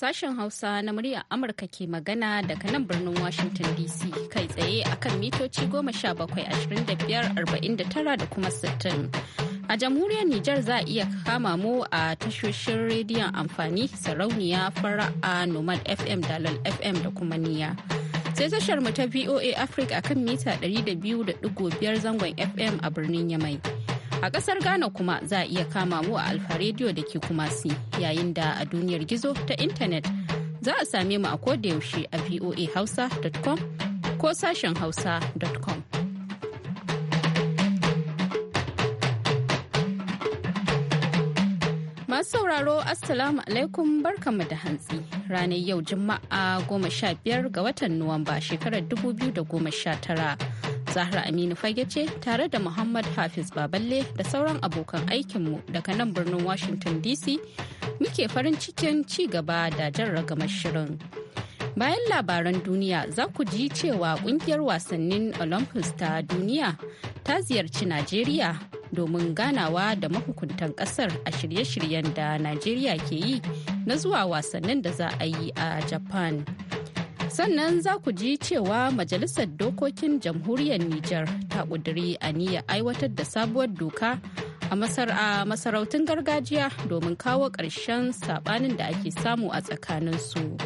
Sashen Hausa na muryar Amurka ke magana daga nan birnin Washington DC kai tsaye akan mitoci goma sha bakwai ashirin da biyar arba'in da kuma sittin. A jamhuriyar Nijar za a iya kama mu a tashoshin rediyon amfani sarauniya fara'a Nomad FM Dalal FM da kuma niya. Sai tashar mu ta VOA Africa akan mita 200.5 zangon FM a birnin Yamai. A ƙasar Ghana kuma za a iya kama mu a Alfa Radio da ke Kumasi yayin da a duniyar gizo ta intanet za a same mu a yaushe a voahausa.com ko sashen hausa.com. Masu sauraro Assalamu alaikum barkanmu da hantsi ranar yau Juma'a 15 ga watan Nuwamba shekarar 2019. Zahra Aminu fage ce tare da Muhammad Hafiz Baballe da sauran abokan aikinmu daga nan birnin Washington DC muke farin cikin ci gaba da jan ragamar shirin. Bayan labaran duniya za ku ji cewa kungiyar wasannin Olympus ta duniya ta ziyarci Najeriya domin ganawa da mahukuntan kasar a shirye-shiryen da Najeriya ke yi na zuwa wasannin da za a yi a Japan. sannan za ku ji cewa majalisar dokokin jamhuriyar Nijar ta ƙudiri aniya aiwatar da sabuwar doka a masarautun gargajiya domin kawo ƙarshen saɓanin da ake samu a tsakaninsu.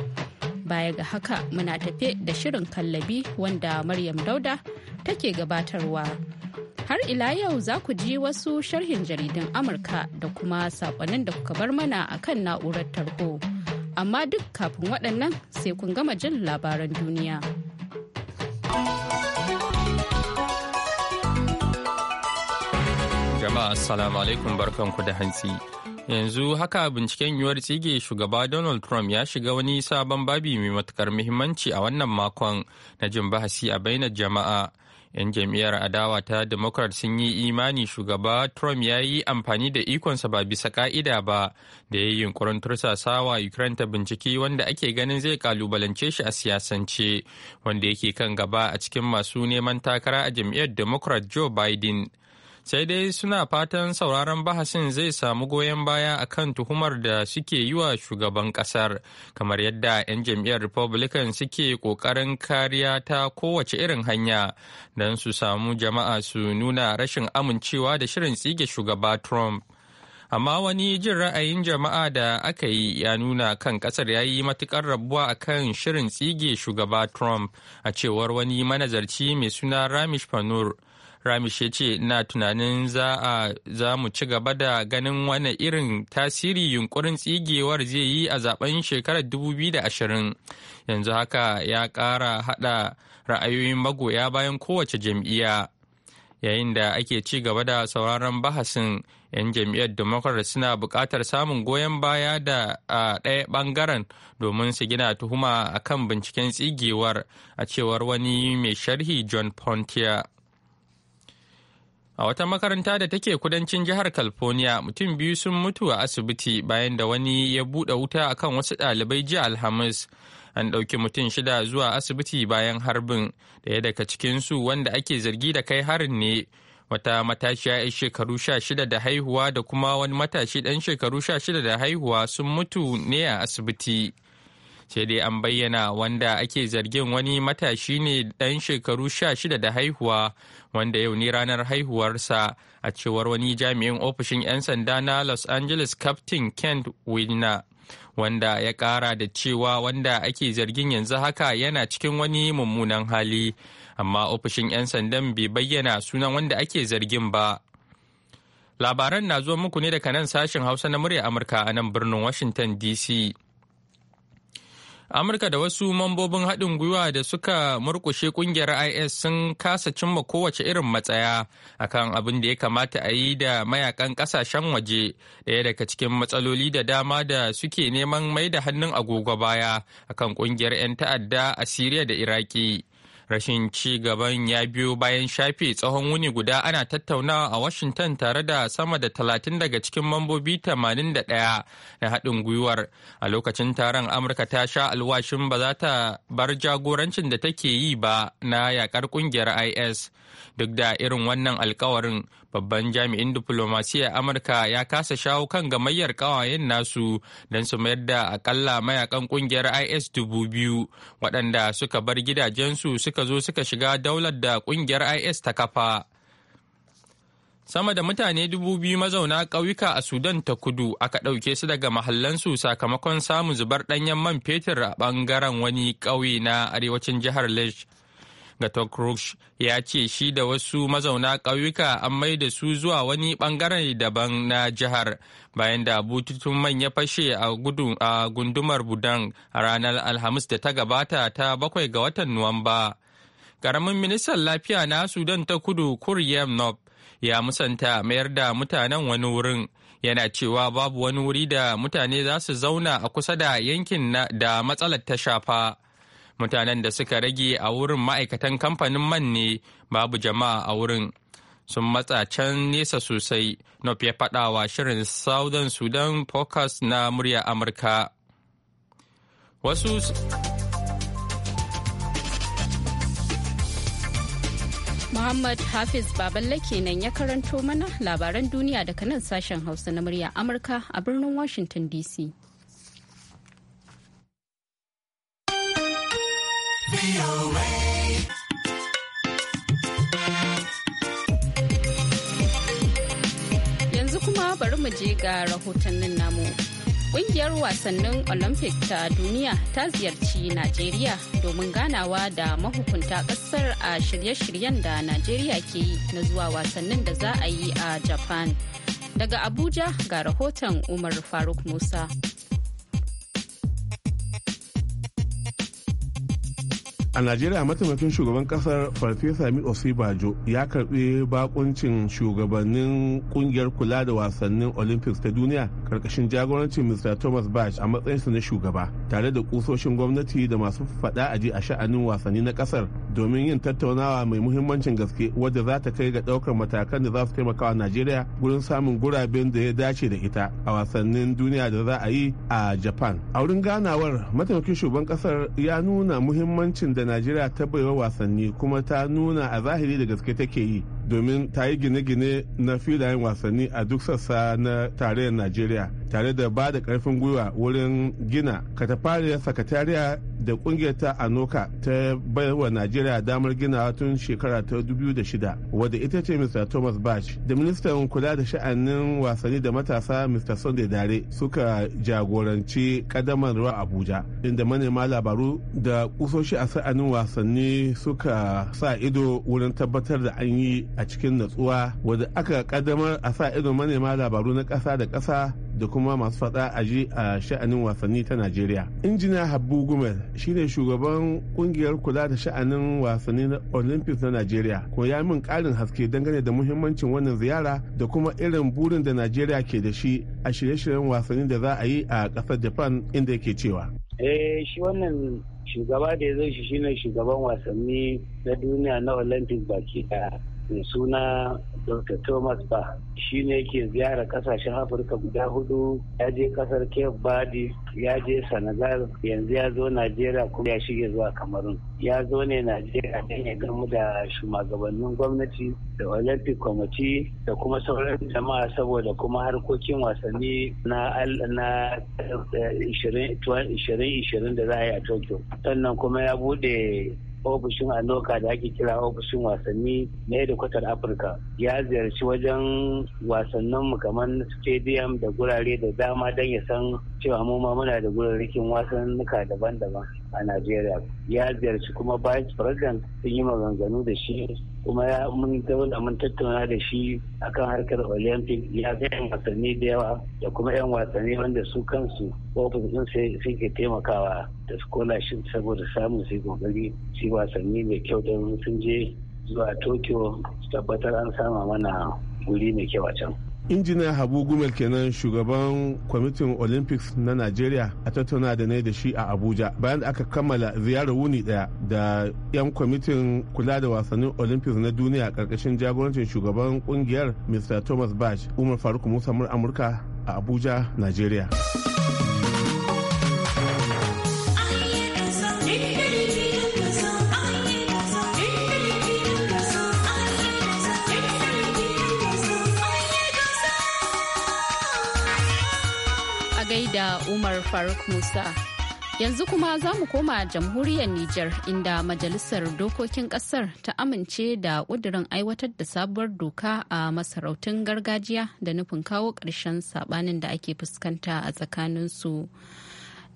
Baya ga haka muna tafe da shirin kallabi wanda Maryam Dauda take gabatarwa. Har ila yau za ku ji wasu sharhin jaridun Amurka da kuma saƙonin da kuka bar mana a kan na'urar tarho. amma duk kafin waɗannan sai kun gama jin labaran duniya. Jama'a Assalamu alaikum barkanku da hantsi. Yanzu haka binciken yiwuwar tsige shugaba Donald Trump ya shiga wani sabon babi mai matukar muhimmanci a wannan makon na jin bahasi a bainar jama'a. 'Yan jam'iyyar adawa ta Democrat sun yi imani shugaba Trump ya yi amfani da ikonsa ba bisa ka'ida ba da ya yi yunkurin tursasawa Ukraine ta binciki wanda ake ganin zai kalubalance shi a siyasance wanda yake kan gaba a cikin masu neman takara a jam'iyyar Democrat Joe Biden. sai dai suna fatan sauraron bahasin zai samu goyon baya a kan tuhumar da suke yi wa shugaban kasar kamar yadda 'yan jam'iyyar republican suke kokarin kariya ta kowace irin hanya don su samu jama'a su nuna rashin amincewa da shirin tsige shugaba trump amma wani jin ra'ayin jama'a da aka yi ya nuna kan kasar ya yi matukar rabuwa a kan shirin tsige shugaba trump a cewar wani manazarci mai suna ramish panur Ramish ya ce na tunanin za a za mu ci gaba da ganin wani irin tasiri yunkurin tsigewar zai yi a zaben shekarar 2020 yanzu haka ya ƙara haɗa ra'ayoyin magoya bayan kowace jam'iyya yayin da ake ci gaba da sauraron bahasin 'yan jam'iyyar democrat suna bukatar samun goyon baya da a ɗaya ɓangaren domin su gina tuhuma a kan binciken tsigewar a cewar wani mai sharhi john pontier A wata makaranta da take kudancin jihar California, mutum biyu sun mutu a asibiti bayan da wani ya buɗe wuta akan wasu ɗalibai jiya Alhamis. An ɗauki mutum shida zuwa asibiti bayan harbin, ɗaya daga cikinsu wanda ake zargi da kai harin ne. Wata matashiya 'yar shekaru sha shida da haihuwa da kuma wani matashi ɗan shekaru sha shida da haihuwa sun mutu ne a asibiti. sai dai an bayyana wanda ake zargin wani matashi ne dan shekaru sha shida da haihuwa wanda yau ne ranar haihuwarsa a cewar wani jami'in ofishin 'yan sanda na los angeles captain kent wilner wanda ya kara da cewa wanda ake zargin yanzu haka yana cikin wani mummunan hali amma ofishin 'yan sandan bai bayyana sunan wanda ake zargin ba labaran na zuwa muku ne daga nan sashen hausa na murya amurka a nan birnin washington dc amurka da wasu mambobin haɗin gwiwa da suka murƙushe ƙungiyar is sun kasa cimma kowace irin matsaya akan abin da ya kamata a yi da mayakan ƙasashen waje ɗaya daga cikin matsaloli da dama da suke neman mai da hannun agogo baya akan ƙungiyar 'yan ta'adda a siriya da iraki Rashin ci gaban ya biyo bayan shafe tsohon wuni guda ana tattaunawa a Washington tare da sama da talatin daga cikin mambobi 81 na haɗin gwiwar. A lokacin taron Amurka ta sha alwashin ba za ta bar jagorancin da take yi ba na yakar ƙungiyar IS. Duk da irin wannan alkawarin babban jami'in diplomasiyyar amurka ya kasa shawo kan gamayyar kawayen nasu don su mayar da akalla mayakan kungiyar is dubu biyu waɗanda suka bar gidajensu suka zo suka shiga daular da kungiyar is ta kafa sama da mutane dubu biyu mazauna ƙauyuka a sudan ta kudu aka ɗauke su daga mahallansu sakamakon samun zubar ɗanyen man fetur a ɓangaren wani ƙauye na arewacin jihar lesh gatokrush ya ce shi da wasu mazauna ƙauyuka an mai da su zuwa wani ɓangaren daban na jihar bayan da bututun man ya fashe a gundumar Budan a ranar Alhamis da ta gabata ta bakwai ga watan Nuwamba. karamin ministan lafiya na Sudan ta kudu Kuryem Nob ya musanta mayar da mutanen wani wurin. yana cewa babu wani wuri da mutane za su zauna a kusa da yankin da matsalar ta shafa mutanen da suka rage a wurin ma'aikatan kamfanin man ne babu jama'a a wurin sun matsa can nesa sosai nop ya wa shirin southern sudan focus na murya amurka wasu Muhammad Hafiz Baballe kenan ya karanto mana labaran duniya daga nan sashen Hausa na murya Amurka a birnin Washington DC. Yanzu kuma bari mu je ga rahotannin namu. Ƙungiyar wasannin Olympic ta duniya ta ziyarci Najeriya domin ganawa da mahukunta ƙasar a shirye-shiryen da Najeriya ke yi na zuwa wasannin da za a yi a Japan. Daga Abuja ga rahoton Umar Faruk Musa. a najeriya mataimakin shugaban kasar farfesa mi osibajo ya karbi bakuncin shugabannin kungiyar kula da wasannin olympics ta duniya karkashin jagorancin mr thomas bach a matsayinsa na shugaba tare da kusoshin gwamnati da masu fada aji a sha'anin wasanni na kasar domin yin tattaunawa mai muhimmancin gaske wadda za ta kai ga daukar matakan da za su taimaka wa najeriya gurin samun guraben da ya dace da ita a wasannin duniya da za a yi a japan a wurin ganawar mataimakin shugaban kasar ya nuna muhimmancin da da najeriya ta baiwa wasanni kuma ta nuna a zahiri da gaske take yi domin ta yi gine-gine na filayen wasanni a duk sassa na tarayyar najeriya tare da ba da karfin gwiwa wurin gina katafariyar sakatariya da kungiyar ta anoka ta baiwa najeriya damar gina tun shekara ta 2006 wadda ita ce mr thomas bach da ministan kula da sha'anin wasanni da matasa mr sunday dare suka jagoranci ruwa abuja inda manema labaru da kusoshi a sa'anin wasanni suka sa ido wurin tabbatar da an yi a cikin natsuwa wadda aka kaddamar a sa irin manema labaru na kasa da kasa da kuma masu fada a ji a sha'anin wasanni ta Najeriya. Injina Habbu Gumel shine shugaban kungiyar kula da sha'anin wasanni na Olympics na Najeriya. Ko ya min karin haske dangane da muhimmancin wannan ziyara da kuma irin burin da Najeriya ke da shi a shirye-shiryen wasanni da za a yi a kasar Japan inda yake cewa. Eh shi wannan shugaba da ya zo shi shine shugaban wasanni na duniya na Olympics baki daya. mai suna dr thomas ba shi ne yake ziyara kasashen afirka guda hudu ya je kasar cape verde ya je senegal yanzu ya zo najeriya kuma ya shige zuwa cameroon ya zo ne najeriya don ya gamu da shugabannin gwamnati da olympic committee da kuma sauran jama'a saboda kuma harkokin wasanni na na 2020 eh, da za a yi a tokyo sannan kuma ya bude ofishin anoka da ake kira ofishin wasanni na hedikwatar afirka ya ziyarci wajen wasannin mu kamar stadium da gurare da dama don ya san cewa mu ma muna da gurarrakin wasannuka daban-daban a Najeriya ya ziyarci kuma vice president sun yi maganganu da shi kuma ya mun da mun tattauna da shi akan harkar olympic ya ga yan wasanni da yawa da kuma yan wasanni wanda su kansu ofis din sai suke taimakawa da scholarship saboda samun su gogari su wasanni mai kyau don sun je zuwa tokyo su tabbatar an sama mana guri mai kyau a can injina habu gumel kenan shugaban kwamitin olympics na nigeria a tattauna da ne da shi a abuja bayan da aka kammala ziyarar wuni daya da 'yan kwamitin kula da wasannin olympics na duniya karkashin jagorancin shugaban kungiyar mr thomas bash umar faruk musa amurka a abuja nigeria Umar Faruk Musa. Yanzu kuma za mu koma jamhuriyar Nijar inda Majalisar Dokokin Ƙasar ta amince da ƙudurin aiwatar da sabuwar doka a masarautun gargajiya da nufin kawo ƙarshen saɓanin da ake fuskanta a tsakaninsu.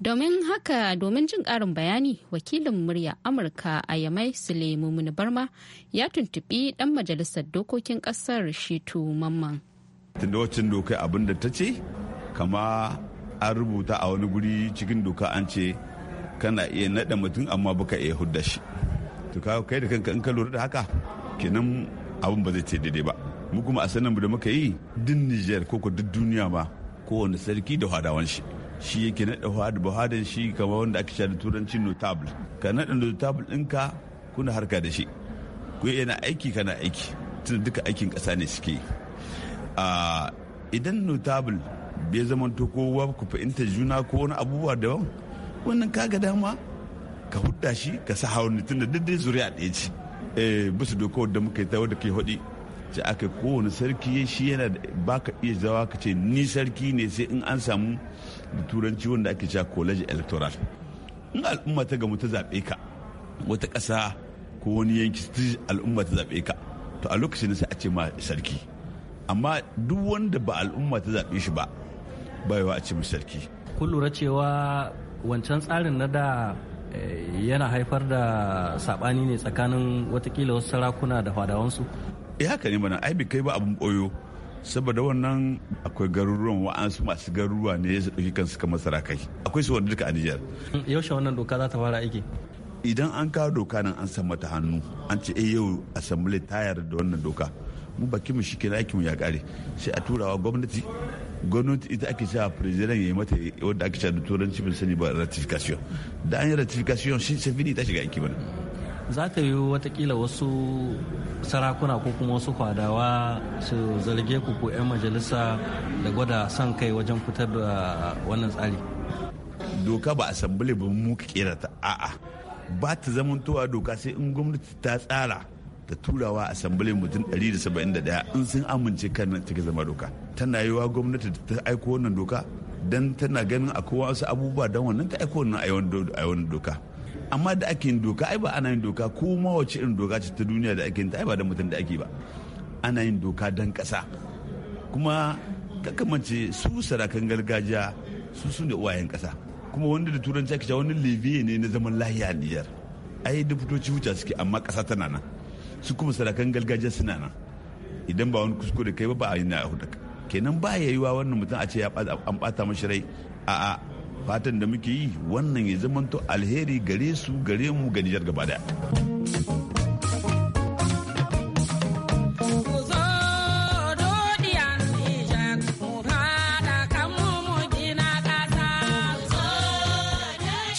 Domin haka domin jin ƙarin bayani wakilin murya Amurka a Yamai Sulemu Barma ya tuntubi ɗan Majalisar Dokokin Ƙasar Shitu Mamman. dokai abin da ta ce kama an rubuta a wani guri cikin doka an ce kana iya naɗa mutum amma baka iya hudda shi to ka kai da kanka in ka lura da haka kenan abin ba zai ce daidai ba mu kuma a sanin da muka yi din Niger ko ko duk duniya ma kowane sarki da hadawan shi shi yake naɗa ba bahadan shi kamar wanda ake da turanci notable ka naɗa notable ɗinka kuna harka da shi ku yana aiki kana aiki tun duka aikin ƙasa ne suke ah, idan notable bai zama to kowa ku fahimta juna ko wani abubuwa daban wannan kaga dama ka hudda shi ka sa hawan tunda duk dai zuriya ɗaya ce eh bisa dokawar da muka yi ta wadda ke hudi ce aka kowane sarki shi yana ba ka iya zawa ka ce ni sarki ne sai in an samu da turanci wanda ake cewa college electoral in al'umma ta gamu ta zaɓe ka wata ƙasa ko wani yanki al'umma ta zaɓe ka to a lokacin sai a ce ma sarki amma duk wanda ba al'umma ta zaɓe shi ba baiwa a cikin sarki kun lura cewa wancan tsarin na da eh, yana haifar da sabani ne tsakanin watakila wasu sarakuna da fadawansu ya eh, haka ne mana aibi kai ba abin boyo saboda wannan akwai garuruwan wa'ansu masu garuruwa ne ya ɗauki kansu kamar sarakai akwai su wanda duka a Nijar. Yaushe wannan doka za ta fara aiki? Idan an kawo doka nan an san mata hannu an ce eh yau assembly ta yarda da wannan doka mu baki mu kenan aikin mu ya kare sai a turawa gwamnati gwamnati ita ake cewa president ya yi mata wadda ake cewa da turanci bin sani ba ratification da an yi ratification shi safini ta shiga aiki ba za ta yi watakila wasu sarakuna ko kuma wasu kwadawa su zarge ku ko 'yan majalisa da gwada son kai wajen fitar da wannan tsari doka ba asambile ba mu kera ta a'a ba ta zamantowa doka sai in gwamnati ta tsara da turawa asambili mutum 171 in sun amince kan take zama doka tana yiwa gwamnati ta aiko wannan doka dan tana ganin akwai wasu abubuwa dan wannan ta aiko wannan a yawan doka amma da ake yin doka ai ba ana yin doka ko ma wace irin doka ce ta duniya da ake yin ta ai ba da mutum da ake ba ana yin doka dan kasa kuma kakamance su sarakan gargajiya su su ne uwayen kasa kuma wanda da turanci ake cewa wani levi ne na zaman lahiya a niyyar ai da fitoci wuce suke amma kasa tana nan su kuma sarakan gargajiya suna nan idan ba wani kuskure kai ba ba a yi na hudu kenan ba ya yi wa wannan mutum a ce an bata mashi rai a a fatan da muke yi wannan ya zamanto alheri gare su gare mu ga nijar gaba daya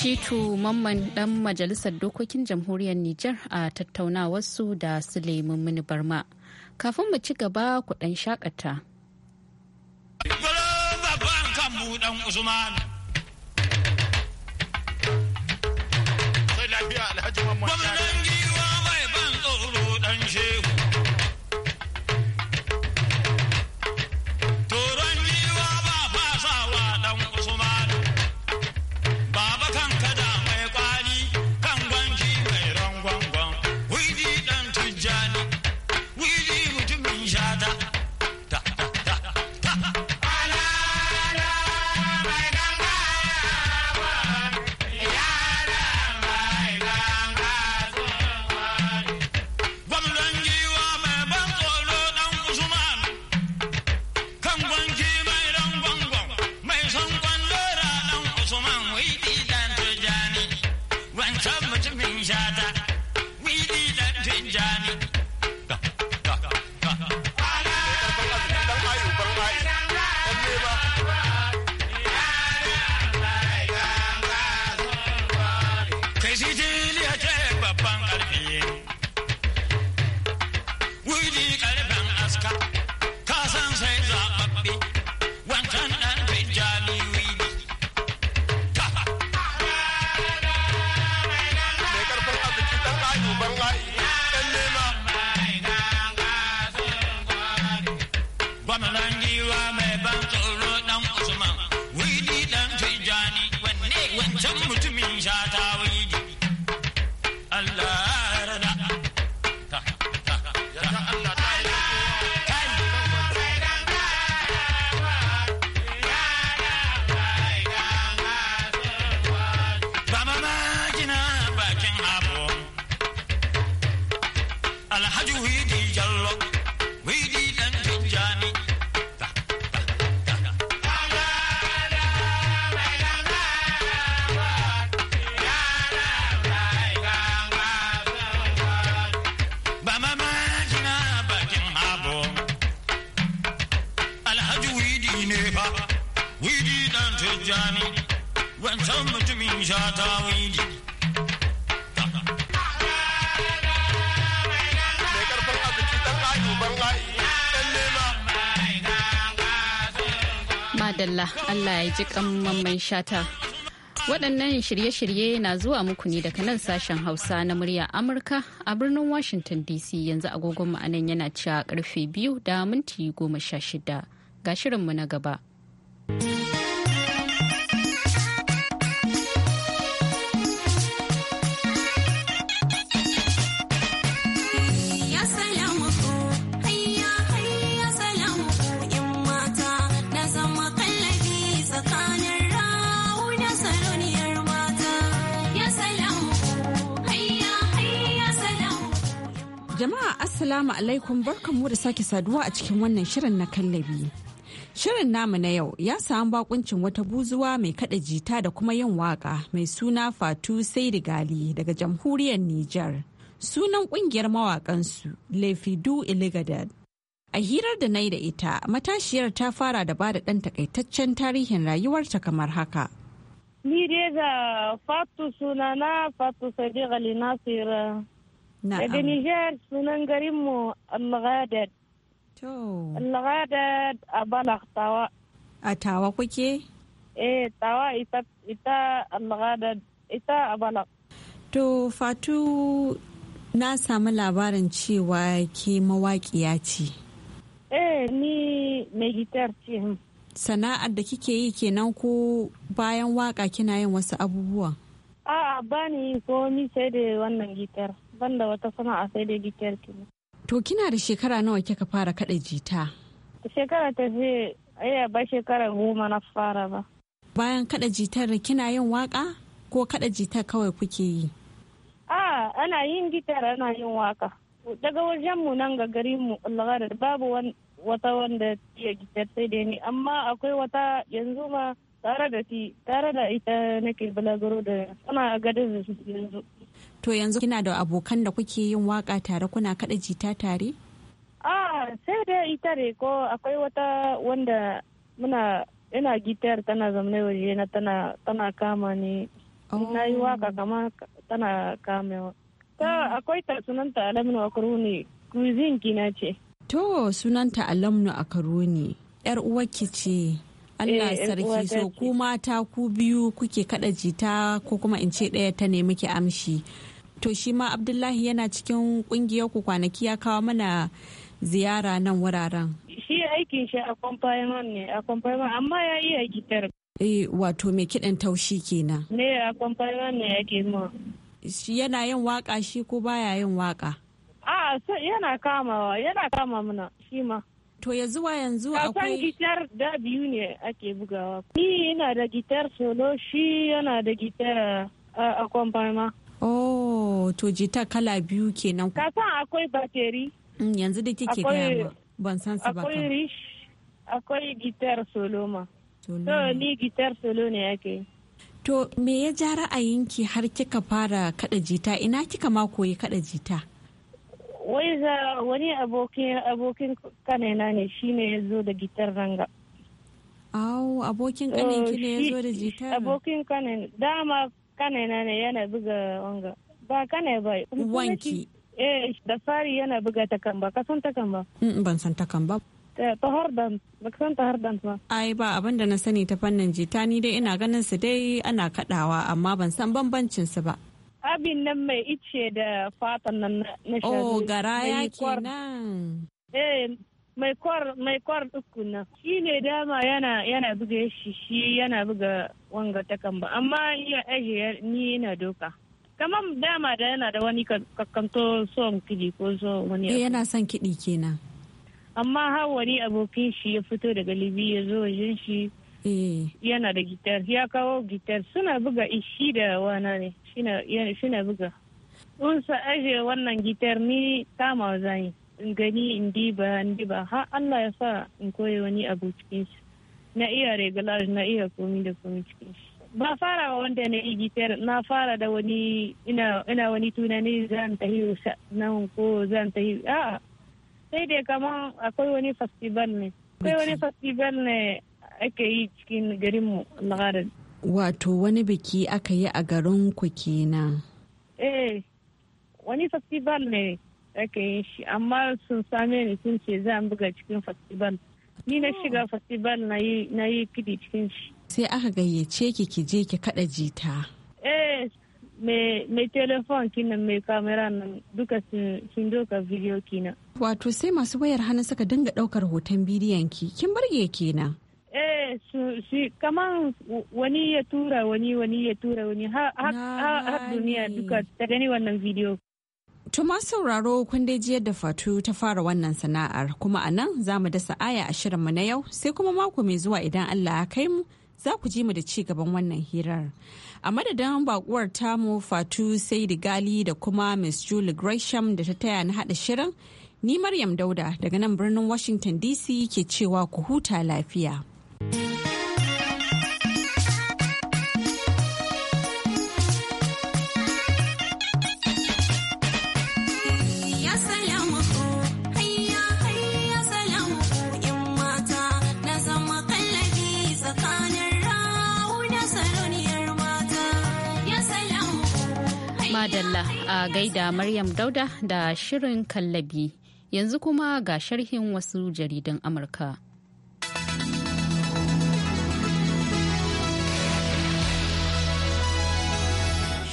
Titu Mamman ɗan Majalisar Dokokin Jamhuriyar Nijar a tattaunawarsu da Suleiman Mini Barma. Kafin mu ci gaba ku ɗan shakata. Gwamnan malangiwa mai ban madalla Allah ya ji mamman shata. Waɗannan shirye-shirye na zuwa muku ne daga nan sashen Hausa na murya Amurka a birnin Washington DC yanzu agogon ma'anan yana cewa karfe biyu da minti goma sha shida. Ga shirinmu na gaba. Jama'a Assalamu alaikum barkanmu da sake saduwa a cikin wannan shirin na kallabi. Shirin namu na yau ya samu bakuncin wata buzuwa mai kada jita da kuma yin waka mai suna Fatu Gali daga jamhuriyar Nijar. Sunan kungiyar mawakansu Lefidu Iligadad. A hirar da na da ita, matashiyar ta fara da bada ɗan takaitaccen tarihin rayuwarta kamar haka. Ni dai ga Fatu sunana Fatu Sadiq Ali Nasira. Daga Nijar sunan garinmu al To. al a bala Tawa. A Tawa kuke? Eh Tawa ita ita al ita a bala. To Fatu na samu labarin cewa ke mawaƙiya ce. Eh ni mai gitar ce. Sana'ar da kike yi kenan ko bayan waka kina yin wasu abubuwa? A'a bani komi sai da wannan gitar. ban da wata sana'a sai dai gikiyar kini. To kina da shekara nawa kika fara kada jita? Shekara ta ya iya ba shekara goma na fara ba. Bayan kada jitar kina yin waka ko kada jitar kawai kuke yi? A ana yin gitar ana yin waka. Daga wajen mu nan ga garin mu babu wata wanda ya gitar sai dai ni amma akwai wata yanzu ma tare da ti tare da ita nake balagaro da ana gadar yanzu To yanzu kina da abokan da kuke yin waka tare kuna kada jita tare? Ah, sai dai ita ne ko akwai wata wanda muna ina gitar tana zamne waje na tana tana kama ni. Na yi waka oh. kama tana kamewa. Ta akwai ta sunanta Alamnu Akaruni, cuisine kina ce. To sunanta Alamnu Akaruni, 'yar uwa ki ce. Allah eh, sarki so ku mata ku biyu kuke kada jita ko kuma in ce ɗaya ta nemi ki amshi. To shi ma Abdullahi yana cikin kungiyar ku kwanaki ya kawo mana ziyara nan wuraren. Shi aikin shi a kwamfayman ne a kwamfayman amma ya a gitar. Eh wato mai kiɗan taushi kenan. Ne a kwamfayman ne yake ma. Shi yana yin waka shi ko baya yin waka? A yana kamawa yana kama muna shi ma. To ya zuwa yanzu akwai... gitar da biyu ne ake bugawa. Ni yana da gitar solo shi yana da gitar kwamfama. Oh, to jita kala biyu kenan. Ka akwai bateri. Mm, yanzu da kike gaya ban san su ba. Akwai rish, akwai gitar solo ma. To ni gitar solo ne ake. To me ya ja ra'ayinki har kika fara kada jita ina kika ma koyi kada jita? wai za wani abokin ne shi ne ya zo da gitar ranga awo abokin kanin ki ne ya zo da gitar abokin kanin dama kanina ne yana buga wanga ba kane ba wanki eh da fari yana buga takamba ka san takamba mm, mm, ban san takamba eh, ta dance ba ai ba abin da na sani ta fannin jita ni dai ina ganin su dai ana kadawa amma ban san bambancin su ba abin nan mai ice da fatan nan na shari'a. Oh, garaya kenan. Eh, mai kwar mai kwar na. Shi ne dama yana yana buga shi shi yana buga wanga ta kamba amma iya aje ni yana doka. Kamar dama da yana da wani kakkanto son kidi ko so wani. Eh, yana son kiɗi kenan. Amma har wani abokin shi ya fito daga libi ya zo wajen shi. Eh. Yana da gitar, ya kawo gitar suna buga ishi da wana ne. shi na buga Sun sa aje wannan gitar ni kama zan in gani in diba in diba har Allah ya sa in koyi wani abu cikin shi na iya regular na iya komi da komi cikin shi ba fara wa wanda na yi gitar na fara da wani ina wani tunani zan ta tahi nan ko zan ta tahi a'a sai dai kama akwai wani festival ne akwai wani festival ne ake yi cikin garinmu lagarin wato wani biki aka yi a garin ku kenan eh wani festival ne aka yi shi amma sun same ni sun ce za buga cikin festival ni na oh. shiga festival na yi kidi cikin shi sai aka gayyace ki ki je ki kada jita eh mai telefon ki-kina, mai kamera nan duka sun doka video kina wato sai masu wayar hannu suka dinga daukar hoton bidiyon ki kin barge kenan eh su wani ya tura wani wani ya tura wani har duniya duka ta gani wannan video Tuma sauraro kun dai jiyar da fatu ta fara wannan sana'ar kuma a nan za mu dasa aya a shirinmu na yau sai kuma mako mai zuwa idan Allah ya kai mu za ku ji mu da ci gaban wannan hirar. A madadin bakuwar tamu fatu sai gali da kuma Miss Julie Gresham da ta taya na haɗa shirin, ni Maryam Dauda daga nan birnin Washington DC ke cewa ku huta lafiya. Allah a gaida Maryam Dauda da shirin kallabi. Yanzu kuma ga sharhin wasu jaridan Amurka.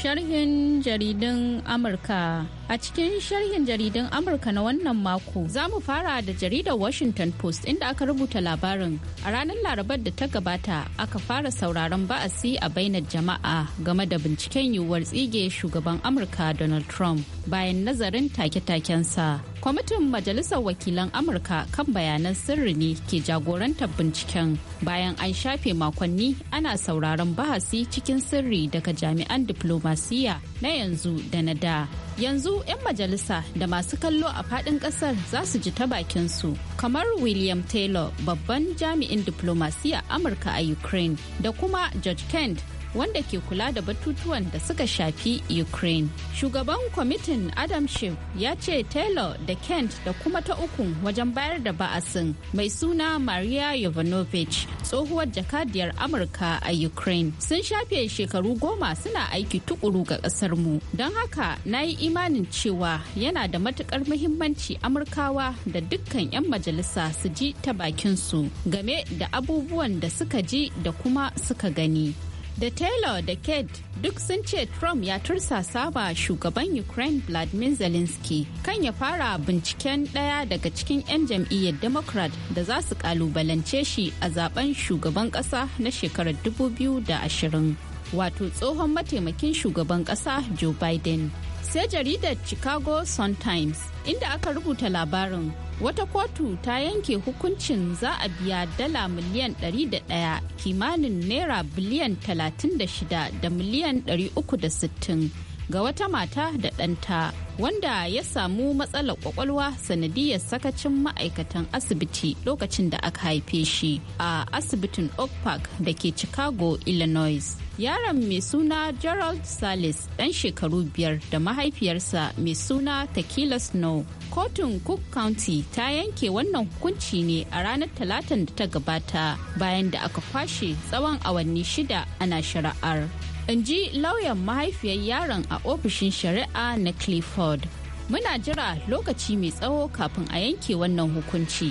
Sharhin jaridan Amurka A cikin sharhin jaridun Amurka na wannan mako za mu fara da jaridar Washington Post inda aka rubuta labarin a ranar larabar da ta gabata aka fara sauraron ba'asi a bainar jama'a game da binciken yiwuwar tsige shugaban Amurka Donald Trump bayan nazarin take-takensa. Kwamitin Majalisar Wakilan Amurka kan bayanan sirri ne ke jagorantar binciken bayan an shafe makonni ana sauraron bahasi cikin sirri daga jami'an diflomasiyya na yanzu da na da. yanzu 'yan majalisa da masu kallo a fadin kasar za su ji ta bakinsu kamar william taylor babban jami'in diplomasiya amurka a ukraine da kuma george kent wanda ke kula da batutuwan da suka shafi Ukraine. Shugaban kwamitin Adam Schiff ya ce Taylor da Kent da kuma ta uku wajen bayar da ba'asin mai suna Maria Yovanovich tsohuwar jakadiyar Amurka a Ukraine. Sun shafe shekaru goma suna aiki tukuru ga kasar mu. Don haka na yi imanin cewa yana da matukar muhimmanci Amurkawa da dukkan 'yan majalisa su ji ta bakinsu game da abubuwan da suka ji da kuma suka gani. da taylor da kate duk sun ce trump ya tursa saba shugaban ukraine vladimir zelensky kan ya fara binciken daya daga cikin 'yan jam'iyyar democrat da za su kalubalance shi a zaben shugaban kasa na shekarar 2020 wato tsohon mataimakin shugaban kasa joe biden sai jaridar Chicago Sun-Times inda aka rubuta labarin wata kotu ta yanke hukuncin za a biya dala miliyan 101 kimanin naira biliyan 36 da miliyan 360 ga wata mata da ɗanta. wanda ya samu matsalar kwakwalwa sanadiyar sakacin ma'aikatan asibiti lokacin da aka haife shi a asibitin oak park da ke chicago illinois yaron mai suna gerald salis dan shekaru biyar da mahaifiyarsa mai suna tequila snow kotun cook county ta yanke wannan hukunci ne a ranar talatan da ta gabata bayan da aka kwashe tsawon awanni shida ana shari'ar in ji lauyan mahaifiyar yaron a ofishin shari'a na clifford muna jira lokaci mai tsawo kafin a yanke wannan hukunci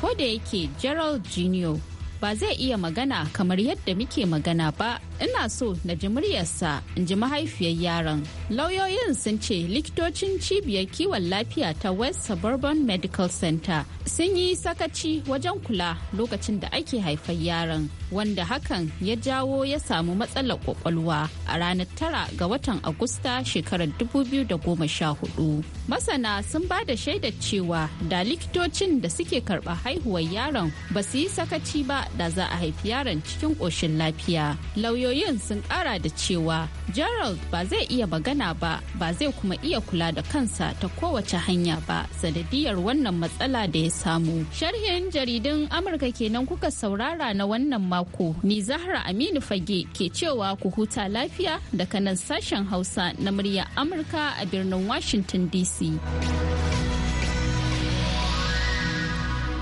ko da yake gerald jr ba zai iya magana kamar yadda muke magana ba ina so na ji muryarsa in ji mahaifiyar yaron lauyoyin sun ce likitocin cibiyar kiwon lafiya ta west suburban medical center sun yi sakaci wajen kula lokacin da ake haifar yaron wanda hakan ya jawo ya samu matsalar kwakwalwa a ranar tara ga watan agusta shekarar 2014 masana sun ba da shaidar cewa da likitocin da suke karba haihuwar yaron ba su yi sakaci ba da za a haifi yaron cikin ƙoshin lafiya lauyoyin lauyoyin sun kara da cewa gerald ba zai iya magana ba ba zai kuma iya kula da kansa ta kowace hanya ba sanadiyar wannan matsala da ya samu sharhin jaridun amurka kenan kuka saurara na wannan mako ni zahra aminu fage ke cewa ku huta lafiya daga nan sashen hausa na murya amurka a birnin washington dc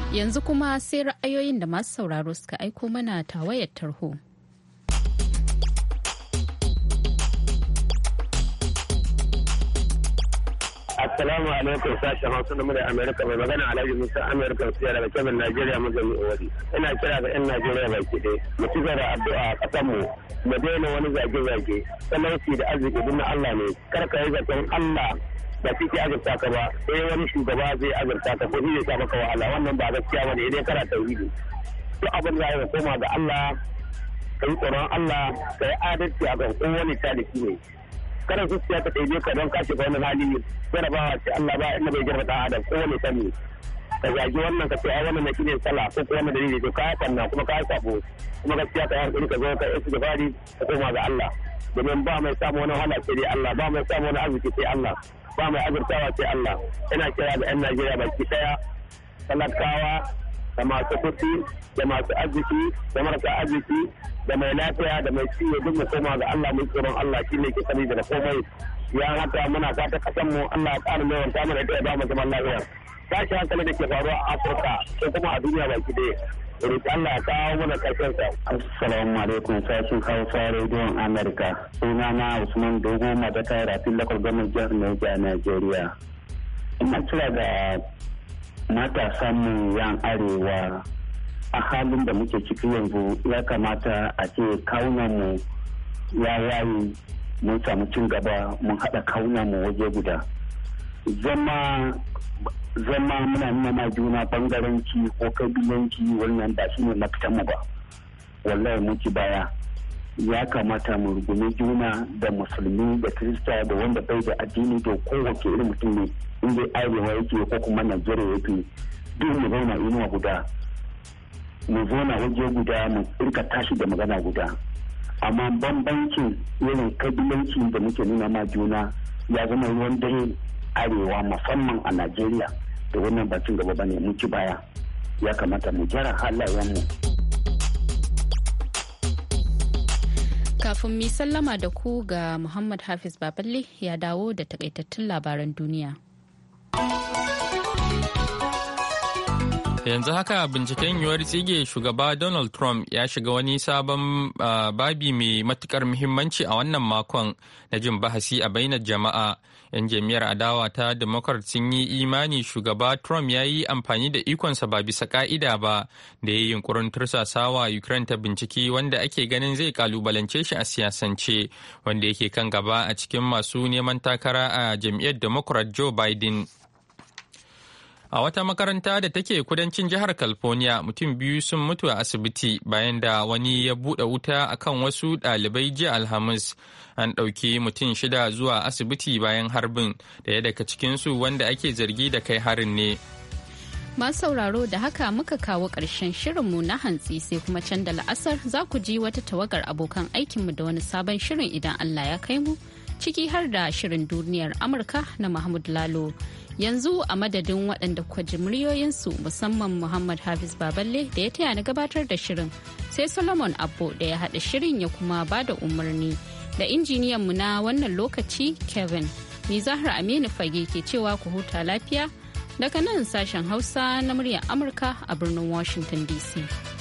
yanzu kuma sai ra'ayoyin da masu sauraro suka aiko mana ta wayar tarho. Assalamu alaikum sashen Hausa da da Amerika mai magana Alhaji Musa Amerika siya daga Kebbi Najeriya mu zami wari. Ina kira ga 'yan Najeriya baki ɗaya mu ci da addu'a a ƙasar mu mu daina wani zage-zage talauci da arziki duk na Allah ne kar ka yi zaton Allah ba shi ke azurta ka ba sai wani shugaba zai azurta ka ko shi zai sa maka wahala wannan ba gaskiya ne idan kana tauhidi duk abin da ya koma ga Allah ka yi tsoron Allah ka yi adalci a ga kowane taliki ne kada zuciya ta ɗaiɗe ka don kashe wani hali jarabawa ce Allah ba na bai jarraba adam ko wani sani ka zagi wannan ka ce ai wannan shi ne sallah ko kuma dalili to ka kanna kuma ka sabo kuma gaskiya ka hankali ka zo ka yi gabari ka koma ga Allah domin ba mai samu wani wahala sai dai Allah ba mai samu wani arziki sai Allah ba mai azurtawa sai Allah ina kira da 'yan Najeriya baki daya talakawa da masu kuɗi da masu arziki da marasa arziki da mai lafiya da mai ciwo duk mu koma ga Allah mun tsoron Allah shi ne ke sani da komai ya haka muna ta kasan mu Allah ya ƙara mai wanta mana da ya ba mu zaman lafiya tashi hankali da ke faruwa a Afirka ko kuma a duniya baki ɗaya Rufi Allah ya kawo mana karshen sa. Assalamu alaikum sashen Hausa rediyon Amerika. Suna na Usman Dogo Madaka Rafin Lakar Gwamnan Jihar Niger Najeriya. Ina kira ga mu yan arewa a halin da muke ciki yanzu ya kamata a ce mu ya yayi mun samu cin gaba mun haɗa mu waje guda zama zama muna nuna ma juna bangaranci ko kabilanci wannan ba shi ne mu ba wallahi muke baya ya kamata mu rugumi juna da musulmi da kirista da wanda bai da addini da kowace irin mutum ne in dai arewa yake ko kuma najeriya yake duk mu zauna inuwa guda mu zauna waje guda mu irka tashi da magana guda amma bambancin irin kabilanci da muke nuna ma juna ya zama ruwan dare arewa musamman a najeriya da wannan bakin gaba bane mu ci baya ya kamata mu gyara halayenmu. mu Kafin mi sallama da ku ga Muhammad Hafiz Baballe ya dawo da takaitattun labaran duniya. yanzu haka binciken yiwuwar tsige shugaba donald trump ya shiga wani sabon ah, babi mai matukar muhimmanci a wannan makon na jin bahasi a bainar jama'a yan jami'ar adawa ta democrat sun yi imani shugaba trump ya yi amfani da ikonsa ba bisa ka'ida ba da ya yi yunkurin tursasawa ukraine ta binciki wanda ake ganin zai kalubalance shi a siyasance wanda yake kan gaba a cikin masu neman takara a jam'iyyar democrat joe biden A wata makaranta da take kudancin jihar California mutum biyu sun mutu a asibiti bayan da wani ya buɗe wuta akan wasu ɗalibai jiya Alhamis. An ɗauki mutum shida zuwa asibiti bayan harbin daya daga cikinsu wanda ake zargi da kai harin ne. Masu sauraro da haka muka kawo ƙarshen shirinmu na hantsi sai kuma can da la'asar za ku ji wata tawagar abokan aikinmu da wani sabon shirin idan Allah ya kai mu. ciki har da shirin duniyar Amurka na Mahmud Lalo. Yanzu a madadin waɗanda kwaji muryoyinsu musamman Muhammad Hafiz Baballe da ya taya na gabatar da shirin sai Solomon abu da ya haɗa shirin ya kuma ba da umarni da injiniyan mu na wannan lokaci Kevin. Ni Zahra Aminu Fage ke cewa ku huta lafiya daga nan sashen Hausa na muryar Amurka a birnin Washington DC.